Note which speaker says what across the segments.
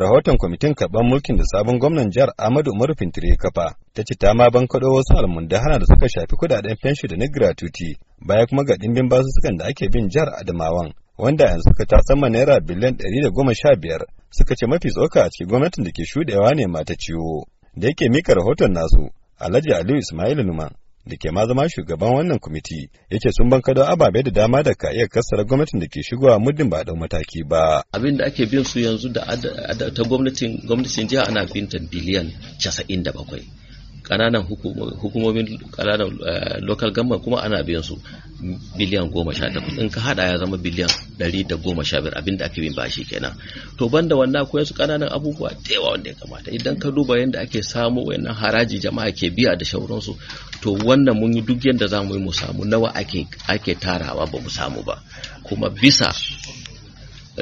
Speaker 1: rahoton kwamitin karɓar mulkin da sabon gwamnan jihar Ahmadu Umaru Fintire kafa ta ci ta ma bankaɗo wasu almundahana da suka shafi kudaden fenshi da na gratuity baya kuma ga ɗimbin basu sukan da ake bin jihar Adamawan wanda yanzu suka ta sama naira biliyan ɗari da goma sha biyar suka ce mafi tsoka a cikin gwamnatin da ke shuɗewa ne mata ciwo da yake mika rahoton nasu Alhaji Aliyu Ismail Numan da ke ma zama shugaban wannan kwamiti ya ce sun kado ababe da dama da ka iya kassara gwamnatin da ke shigowa muddin ba dau mataki ba.
Speaker 2: Abin da ake bin su yanzu da ta gwamnatin gwamnatin jiha ana binta biliyan casa'in da bakwai. kananan hukumomin kananan eh, local government kuma ana biyan su biliyan goma sha takwas in ka hada ya zama biliyan dari da goma sha biyar abinda ake bin bashi kenan to banda wannan akwai su kananan abubuwa da yawa wanda ya kamata idan ka duba yadda ake samu wayannan haraji jama'a ke biya da shauransu to wannan mun yi duk yadda za mu yi mu samu nawa ake ake tarawa ba mu samu ba kuma bisa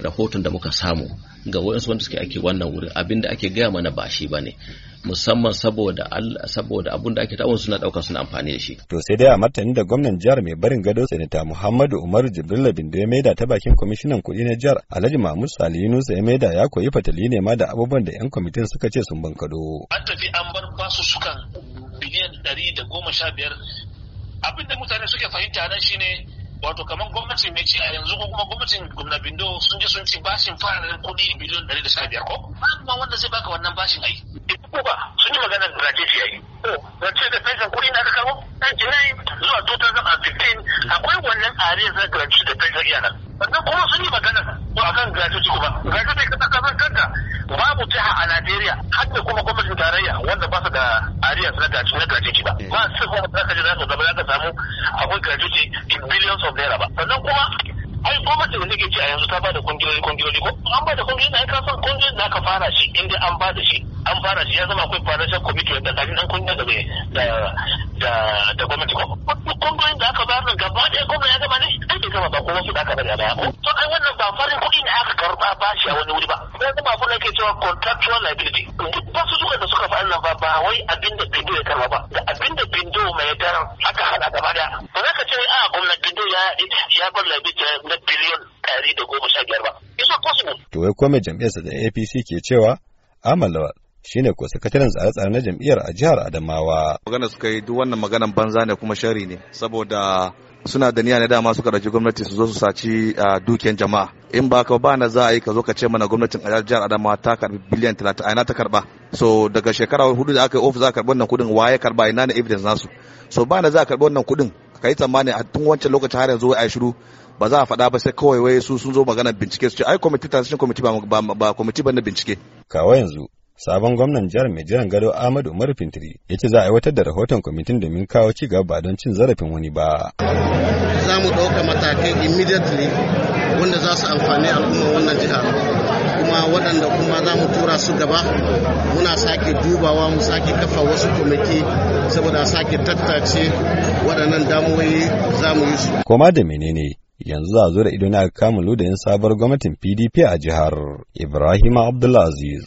Speaker 2: rahoton da muka samu ga wayansu wanda suke ake wannan wurin abinda ake gaya mana ba shi bane musamman saboda saboda abun da ake tawon suna dauka suna amfani da shi
Speaker 1: to sai dai a martani da gwamnan jihar mai barin gado sanata Muhammadu Umaru Jibrilla da ya maida ta bakin kwamishinan kuɗi na jihar Alhaji Mahmud Sali Yunus ya maida ya koyi fatali ne ma da abubuwan da yan kwamitin suka ce sun bankado an
Speaker 3: tafi an bar basu sukan biliyan ɗari da goma sha biyar abin da mutane suke fahimta nan shine wato kamar gwamnati mai ci a yanzu ko kuma gwamnatin gwamna bindo sun je sun ci bashin da kudi biliyon ɗari da sha biyar ko ba wanda zai baka wannan bashin ai ko ba sun yi maganar da zake shi ai ko da pension kudi na aka kawo 99 zuwa 2015 akwai wannan za ka gratuity da pension iya nan sannan kuma sun yi magana ko akan gratuity kuma gratuity kasa zan kanta babu jiha a Najeriya har da kuma gwamnatin tarayya wanda ba billions na kaci na kaci ba ba su kuma za ka je za ka zama za ka samu akwai gratuity in billions of naira ba sannan kuma ai gwamnati da nake ce a yanzu ta bada kungiyoyi kungiyoyi ko an bada kungiyoyi na ka san kungiyoyin da aka fara shi inda an bada shi an fara shi ya zama akwai financial committee wanda kafin an da da da gwamnati ko kungiyoyin da aka bayar nan gaba ɗaya gwamnati ya ne gama ba da aka bari a baya to ai wannan ba farin kuɗi ne aka karɓa bashi a wani wuri ba ko kuma ake cewa contractual liability duk su suka da suka fa nan ba ba wai abin da bindo ya karba ba da abin da bindo mai dar aka hada gaba da ba za ka ce a ah, gwamnati bindo ya ya bar liability na biliyon ɗari da goma sha biyar ba isa possible
Speaker 1: to wai ko mai jam'iyyarsa da APC ke cewa amalawa shine ko sakataren tsare-tsare na jam'iyyar a jihar Adamawa. Magana
Speaker 4: suka yi duk wannan maganan banza ne kuma shari ne saboda suna da niyya na dama suka ɗauki gwamnati su zo su saci ah, duken jama'a in ba ka ba na za a yi ka zo ka ce mana gwamnatin jihar Adamawa ta karbi biliyan a ina ta karba so daga shekara hudu da aka yi ofis za a karbi wannan kudin waye karba ina ne evidence nasu so ba na za a karbi wannan kudin ka yi tsammani a tun wancan lokacin har yanzu a yi shiru ba za a faɗa ba sai kawai wai su sun zo magana bincike su ce ai kwamiti transition kwamiti ba ba kwamiti ba na bincike
Speaker 1: kawai yanzu sabon gwamnan jihar mai jiran gado Ahmadu Umar Fintiri ya ce za a aiwatar da rahoton kwamitin domin kawo ci gaba ba don cin zarafin wani ba.
Speaker 2: Za mu ɗauka matakai immediately wanda za su amfani al'umma wannan jiha kuma waɗanda kuma za mu tura su gaba muna sake dubawa mu sake kafa wasu kwamiti saboda sake tattace waɗannan damuwoyi za mu yi su.
Speaker 1: Koma da menene yanzu za a zo da ido na kamun ludayin sabar gwamnatin PDP a jihar Ibrahim Abdulaziz.